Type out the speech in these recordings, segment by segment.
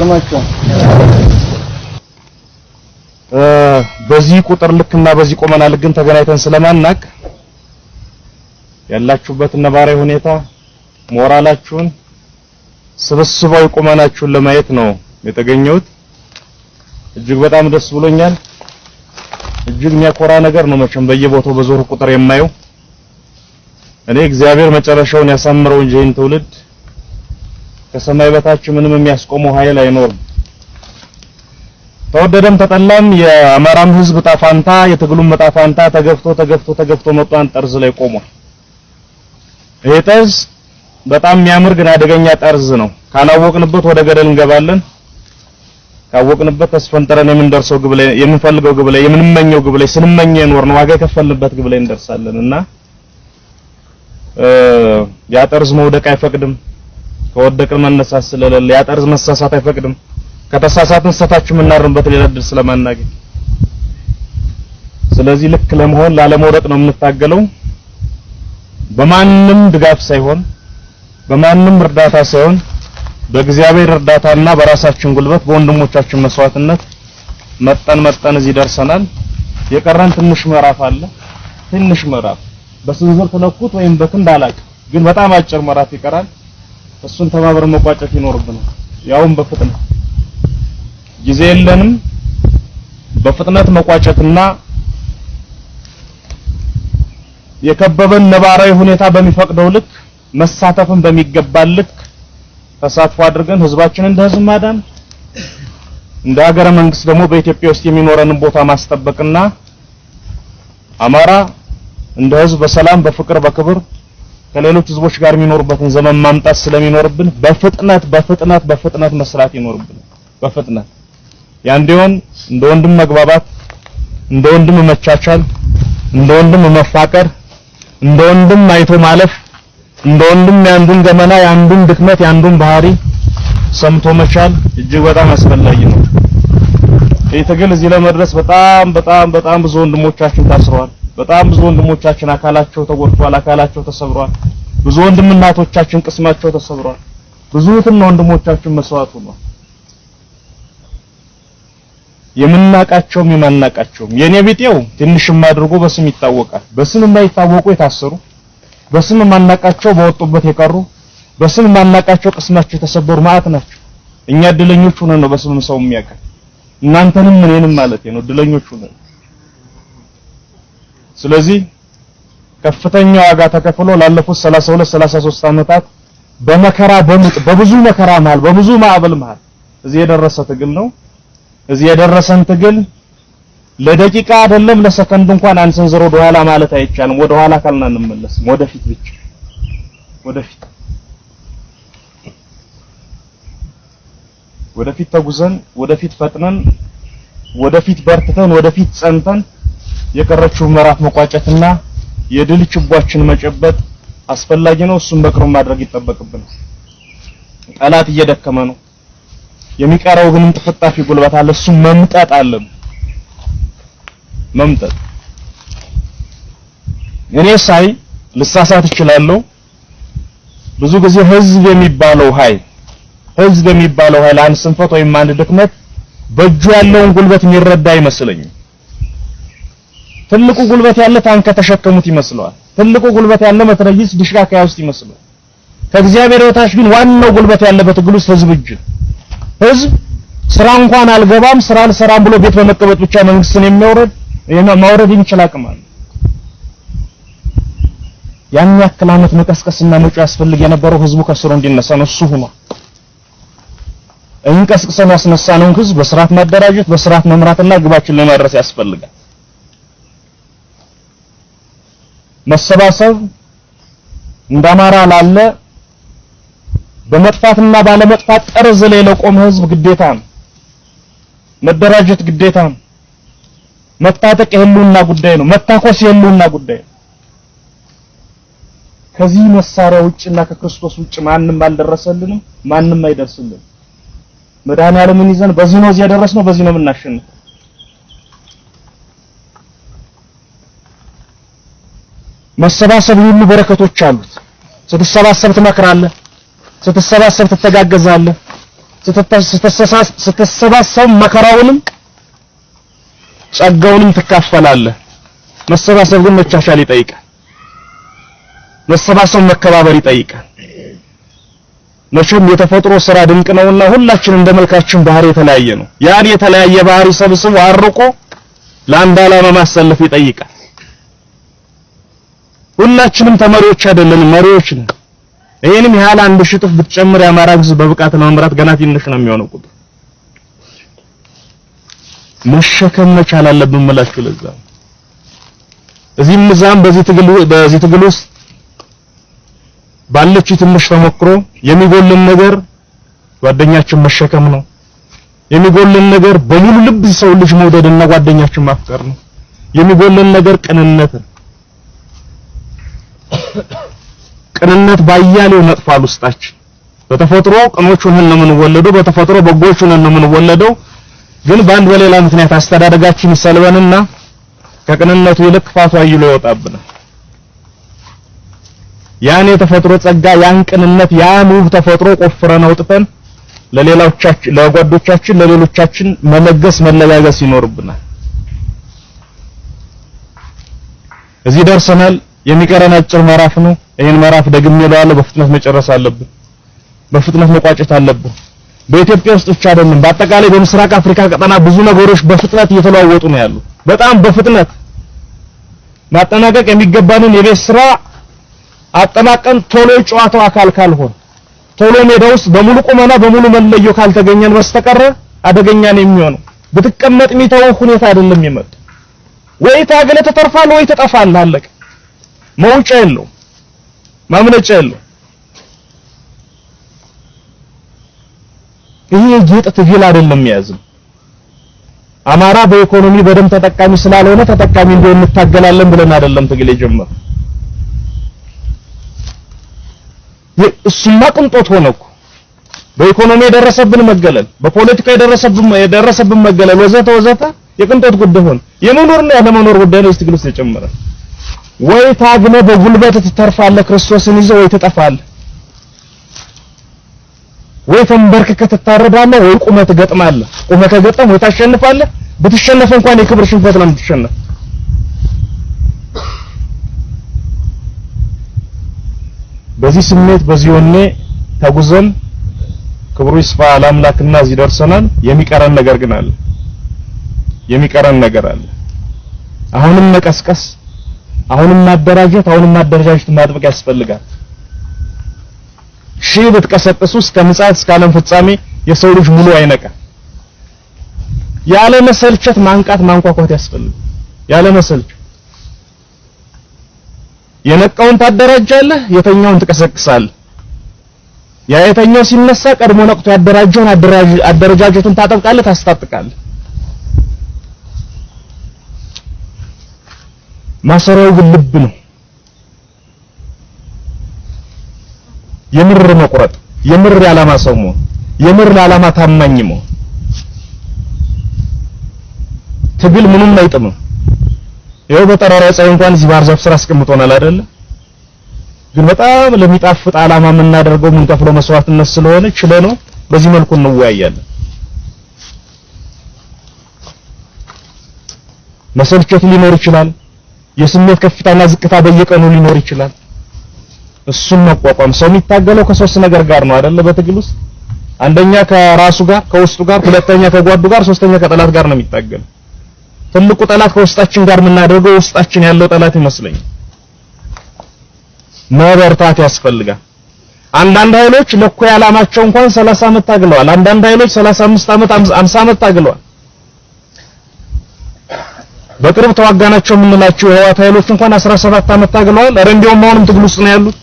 ይገርማችኋል። በዚህ ቁጥር ልክና በዚህ ቆመናል፣ ግን ተገናኝተን ስለማናቅ ያላችሁበት ነባራዊ ሁኔታ ሞራላችሁን፣ ስብስባዊ ቁመናችሁን ለማየት ነው የተገኘሁት። እጅግ በጣም ደስ ብሎኛል። እጅግ የሚያኮራ ነገር ነው። መቼም በየቦታው በዞሩ ቁጥር የማየው እኔ እግዚአብሔር መጨረሻውን ያሳምረው እንጂ ይህን ትውልድ ከሰማይ በታች ምንም የሚያስቆመው ኃይል አይኖርም። ተወደደም ተጠላም የአማራም ህዝብ ጣፋንታ የትግሉም ጣፋንታ ተገፍቶ ተገፍቶ ተገፍቶ መጥቷን ጠርዝ ላይ ቆሟል። ይሄ ጠርዝ በጣም የሚያምር ግን አደገኛ ጠርዝ ነው። ካላወቅንበት ወደ ገደል እንገባለን። ካወቅንበት ተስፈንጠረን የምንደርሰው ግብ ላይ የምንፈልገው ግብ ላይ የምንመኘው ግብ ላይ ስንመኝ የኖርን ዋጋ የከፈልንበት ግብ ላይ እንደርሳለን እና ያ ጠርዝ መውደቅ አይፈቅድም። ከወደቅን መነሳት ስለሌለ ያጠርዝ መሳሳት አይፈቅድም። ከተሳሳትን ሰታችሁ የምናርምበት ሌላ እድል ስለማናገኝ ስለዚህ ልክ ለመሆን ላለመውደቅ ነው የምንታገለው። በማንም ድጋፍ ሳይሆን በማንም እርዳታ ሳይሆን በእግዚአብሔር እርዳታና በራሳችን ጉልበት በወንድሞቻችን መስዋዕትነት መጠን መጠን እዚህ ደርሰናል። የቀረን ትንሽ ምዕራፍ አለ። ትንሽ ምዕራፍ በስንዝር ተለኩት ወይም በክንድ አላቅ ግን በጣም አጭር ምዕራፍ ይቀራል። እሱን ተባብረ መቋጨት ይኖርብናል። ያውም በፍጥነት ጊዜ የለንም። በፍጥነት መቋጨትና የከበበን ነባራዊ ሁኔታ በሚፈቅደው ልክ መሳተፍን በሚገባን ልክ ተሳትፎ አድርገን ህዝባችን እንደ ህዝብ ማዳን እንደ ሀገረ መንግስት ደግሞ በኢትዮጵያ ውስጥ የሚኖረንን ቦታ ማስጠበቅና አማራ እንደ ህዝብ በሰላም፣ በፍቅር፣ በክብር ከሌሎች ህዝቦች ጋር የሚኖርበትን ዘመን ማምጣት ስለሚኖርብን በፍጥነት በፍጥነት በፍጥነት መስራት ይኖርብን። በፍጥነት ያንዴውን እንደ ወንድም መግባባት፣ እንደ ወንድም መቻቻል፣ እንደ ወንድም መፋቀር፣ እንደ ወንድም አይቶ ማለፍ፣ እንደ ወንድም ያንዱን ገመና፣ ያንዱን ድክመት፣ ያንዱን ባህሪ ሰምቶ መቻል እጅግ በጣም አስፈላጊ ነው። ይህ ትግል እዚህ ለመድረስ በጣም በጣም በጣም ብዙ ወንድሞቻችን ታስረዋል። በጣም ብዙ ወንድሞቻችን አካላቸው ተጎድቷል፣ አካላቸው ተሰብሯል። ብዙ ወንድም እናቶቻችን ቅስማቸው ተሰብሯል። ብዙ እህትና ወንድሞቻችን መስዋዕት ሆኗል። የምናቃቸውም የማናቃቸውም የኔ ቢጤው ትንሽም አድርጎ በስም ይታወቃል። በስም የማይታወቁ የታሰሩ በስም የማናቃቸው በወጡበት የቀሩ በስም የማናቃቸው ቅስማቸው የተሰበሩ ማዕት ናቸው። እኛ እድለኞች ሆነን ነው በስም ሰው የሚያውቀን እናንተንም እኔንም ማለት ነው እድለኞች ሆነን ስለዚህ ከፍተኛ ዋጋ ተከፍሎ ላለፉት 32 33 ዓመታት በመከራ በምጥ በብዙ መከራ መሃል በብዙ ማዕበል መሃል እዚህ የደረሰ ትግል ነው። እዚህ የደረሰን ትግል ለደቂቃ አይደለም ለሰከንድ እንኳን ዘሮ ወደኋላ ማለት አይቻልም። ወደኋላ ካልን አንመለስም፣ ወደፊት ብቻ ወደፊት ወደፊት ተጉዘን ወደፊት ፈጥነን ወደፊት በርትተን ወደፊት ጸንተን የቀረችው ምዕራፍ መቋጨትና የድል ችቦችን መጨበጥ አስፈላጊ ነው። እሱም በቅርቡ ማድረግ ይጠበቅብናል። ጠላት እየደከመ ነው። የሚቀረው ግን ጥፍጣፊ ጉልበት አለ። እሱም መምጠጥ አለ መምጠጥ እኔ ሳይ ልሳሳት እችላለሁ። ብዙ ጊዜ ህዝብ የሚባለው ኃይል ህዝብ የሚባለው ኃይል አንድ ስንፈት ወይም አንድ ድክመት በእጁ ያለውን ጉልበት የሚረዳ አይመስለኝም። ትልቁ ጉልበት ያለ ታንከ ተሸከሙት ይመስለዋል። ትልቁ ጉልበት ያለ መትረየስ ድሽቃካያ ውስጥ ይመስለዋል። ከእግዚአብሔር በታች ግን ዋናው ጉልበት ያለበት ትግል ውስጥ ህዝብ እጅ ህዝብ ስራ እንኳን አልገባም ስራ አልሰራም ብሎ ቤት በመቀመጥ ብቻ መንግስትን የሚያወርድ ማውረድ የሚችል አቅም አለ። ያን ያክል አመት መቀስቀስና መጮ ያስፈልግ የነበረው ህዝቡ ከስሩ እንዲነሳ ነው። እሱ ሆኖ እንቀስቅሰን ያስነሳነውን ህዝብ በስርዓት ማደራጀት፣ በስርዓት መምራትና ግባችን ለማድረስ ያስፈልጋል። መሰባሰብ እንደ ላለ በመጥፋትና ባለመጥፋት ጠርዝ ላይ ለቆመ ህዝብ ግዴታ ነው። መደራጀት ግዴታ ነው። መታጠቅ የህልውና ጉዳይ ነው። መታኮስ የህልውና ጉዳይ ነው። ከዚህ መሳሪያ ውጭና ከክርስቶስ ውጭ ማንም አልደረሰልንም፣ ማንም አይደርስልን። መድኃኔዓለምን ይዘን በዚህ ነው እዚህ ያደረስነው፣ በዚህ ነው የምናሸንፈው። መሰባሰብ ሁሉ በረከቶች አሉት። ስትሰባሰብ ትመክራለህ፣ ስትሰባሰብ ትተጋገዛለህ፣ ስትሰባሰብ መከራውንም ጸጋውንም ትካፈላለህ። መሰባሰብ ግን መቻቻል ይጠይቃል። መሰባሰብ መከባበር ይጠይቃል። መቼም የተፈጥሮ ስራ ድንቅ ነውና ሁላችን እንደ መልካችን ባህሪ የተለያየ ነው። ያን የተለያየ ባህሪ ሰብስቦ አርቆ ለአንድ ዓላማ ማሰለፍ ይጠይቃል። ሁላችንም ተመሪዎች አይደለን መሪዎች ነን። ይሄንም ያህል አንድ ሽጥፍ ብትጨምር የአማራ ህዝብ በብቃት ለመምራት ገና ትንሽ ነው የሚሆነው ቁጥር። መሸከም መቻል አለብን የምላችሁ ለዛ እዚህም እዛም በዚህ ትግል በዚህ ትግል ውስጥ ባለችው ትንሽ ተሞክሮ የሚጎልን ነገር ጓደኛችን መሸከም ነው። የሚጎልን ነገር በሙሉ ልብ ሰው ልጅ መውደድና ጓደኛችን ማፍቀር ነው። የሚጎልን ነገር ቅንነት ነው። ቅንነት ባያሌው ነጥፏል ውስጣችን። በተፈጥሮ ቅኖች ሆነን ነው የምንወለደው። በተፈጥሮ በጎች ሆነን ነው የምንወለደው። ግን በአንድ በሌላ ምክንያት አስተዳደጋችን ይሰልበንና ከቅንነቱ ይልቅ ክፋቱ አይሎ ይወጣብናል። ያን የተፈጥሮ ጸጋ፣ ያን ቅንነት፣ ያን ውብ ተፈጥሮ ቆፍረን አውጥተን ለሌላዎቻችን፣ ለጓዶቻችን ለሌሎቻችን መለገስ መለጋገስ ይኖርብናል። እዚህ ደርሰናል። የሚቀረን አጭር ምዕራፍ ነው። ይህን ምዕራፍ ደግሜ እለዋለሁ፣ በፍጥነት መጨረስ አለብን። በፍጥነት መቋጨት አለብን። በኢትዮጵያ ውስጥ ብቻ አይደለም፣ በአጠቃላይ በምስራቅ አፍሪካ ቀጠና ብዙ ነገሮች በፍጥነት እየተለዋወጡ ነው ያሉ። በጣም በፍጥነት ማጠናቀቅ የሚገባንን የቤት ስራ አጠናቀን ቶሎ የጨዋታው አካል ካልሆን ቶሎ ሜዳ ውስጥ በሙሉ ቁመና በሙሉ መለዮ ካልተገኘን በስተቀረ አደገኛ ነው የሚሆነው። ብትቀመጥ ሚተው ሁኔታ አይደለም የሚመጣው። ወይ ታገለ ተተርፋል፣ ወይ ተጠፋል። አለቀ። መውጫ ያለው ማምለጫ ያለው ይሄ የጌጥ ትግል አይደለም የያዝነው አማራ በኢኮኖሚ በደንብ ተጠቃሚ ስላልሆነ ተጠቃሚ እንዲሆን እንታገላለን ብለን አይደለም ትግል የጀመረ እሱማ ቅንጦት ሆነ እኮ በኢኮኖሚ የደረሰብን መገለል በፖለቲካ የደረሰብን የደረሰብን መገለል ወዘተ ወዘተ የቅንጦት ጉዳይ ሆነ የመኖርና ያለመኖር ጉዳይ ነው ትግል ውስጥ የጨመረ ወይ ታግነ በጉልበት ትተርፋለህ ክርስቶስን ይዘ ወይ ትጠፋለህ ወይ ተንበርክከ ትታረዳለህ ወይ ቁመ ትገጥማለህ ቁመ ከገጠም ወይ ታሸንፋለህ ብትሸነፍ እንኳን የክብር ሽንፈት ነው የምትሸነፍ በዚህ ስሜት በዚህ ወኔ ተጉዘን ክብሩ ይስፋ ለአምላክና እዚህ ደርሰናል። የሚቀረን ነገር ግን አለ። የሚቀረን ነገር አለ። አሁንም መቀስቀስ አሁንም ማደራጀት አሁንም ማደረጃጀት ማጥበቅ ያስፈልጋል። ሺህ ብትቀሰቅሱ እስከ ምጽአት እስከ ዓለም ፍጻሜ የሰው ልጅ ሙሉ አይነቃ። ያለ መሰልቸት ማንቃት ማንኳኳት ያስፈልጋል። ያለ መሰልቸት የነቃውን ታደራጃለህ፣ የተኛውን ትቀሰቅሳለህ። ያ የተኛው ሲነሳ ቀድሞ ነቅቶ ያደራጀውን አደረጃጀቱን ታጠብቃለህ፣ ታስታጥቃለህ። ማሰሪያው ግን ልብ ነው። የምር መቁረጥ፣ የምር የዓላማ ሰው መሆን፣ የምር ለዓላማ ታማኝ መሆን። ትግል ምንም አይጥምም። ይኸው በጠራራ ፀሐይ እንኳን እዚህ ባህር ዛፍ ስራ አስቀምጦናል አይደለ? ግን በጣም ለሚጣፍጥ ዓላማ የምናደርገው የምንከፍለው መስዋዕትነት ስለሆነ ችለ ነው። በዚህ መልኩ እንወያያለን። መሰልቸት ሊኖር ይችላል። የስሜት ከፍታና ዝቅታ በየቀኑ ሊኖር ይችላል። እሱን መቋቋም ሰው የሚታገለው ከሶስት ነገር ጋር ነው አይደለ? በትግል ውስጥ አንደኛ ከራሱ ጋር ከውስጡ ጋር፣ ሁለተኛ ከጓዱ ጋር፣ ሶስተኛ ከጠላት ጋር ነው የሚታገለው። ትልቁ ጠላት ከውስጣችን ጋር የምናደርገው ውስጣችን ያለው ጠላት ይመስለኛል። መበርታት ያስፈልጋል። አንዳንድ ኃይሎች ለእኩይ ያላማቸው እንኳን 30 ዓመት ታግለዋል። አንዳንድ ኃይሎች 35 ዓመት 50 ዓመት ታግለዋል። በቅርብ ተዋጋናቸው የምንላቸው የህዋት ኃይሎች እንኳን 17 ዓመት ታግለዋል። ኧረ እንዲያውም አሁንም ትግል ውስጥ ነው ያሉት።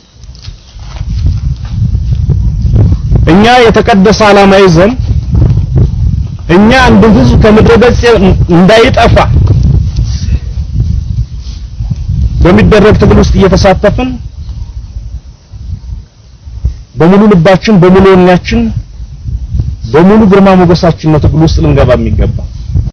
እኛ የተቀደሰ ዓላማ ይዘን እኛ አንድ ህዝብ ከምድረ ገጽ እንዳይጠፋ በሚደረግ ትግል ውስጥ እየተሳተፍን በሙሉ ልባችን፣ በሙሉ ወኛችን፣ በሙሉ ግርማ ሞገሳችን ነው ትግል ውስጥ ልንገባ የሚገባ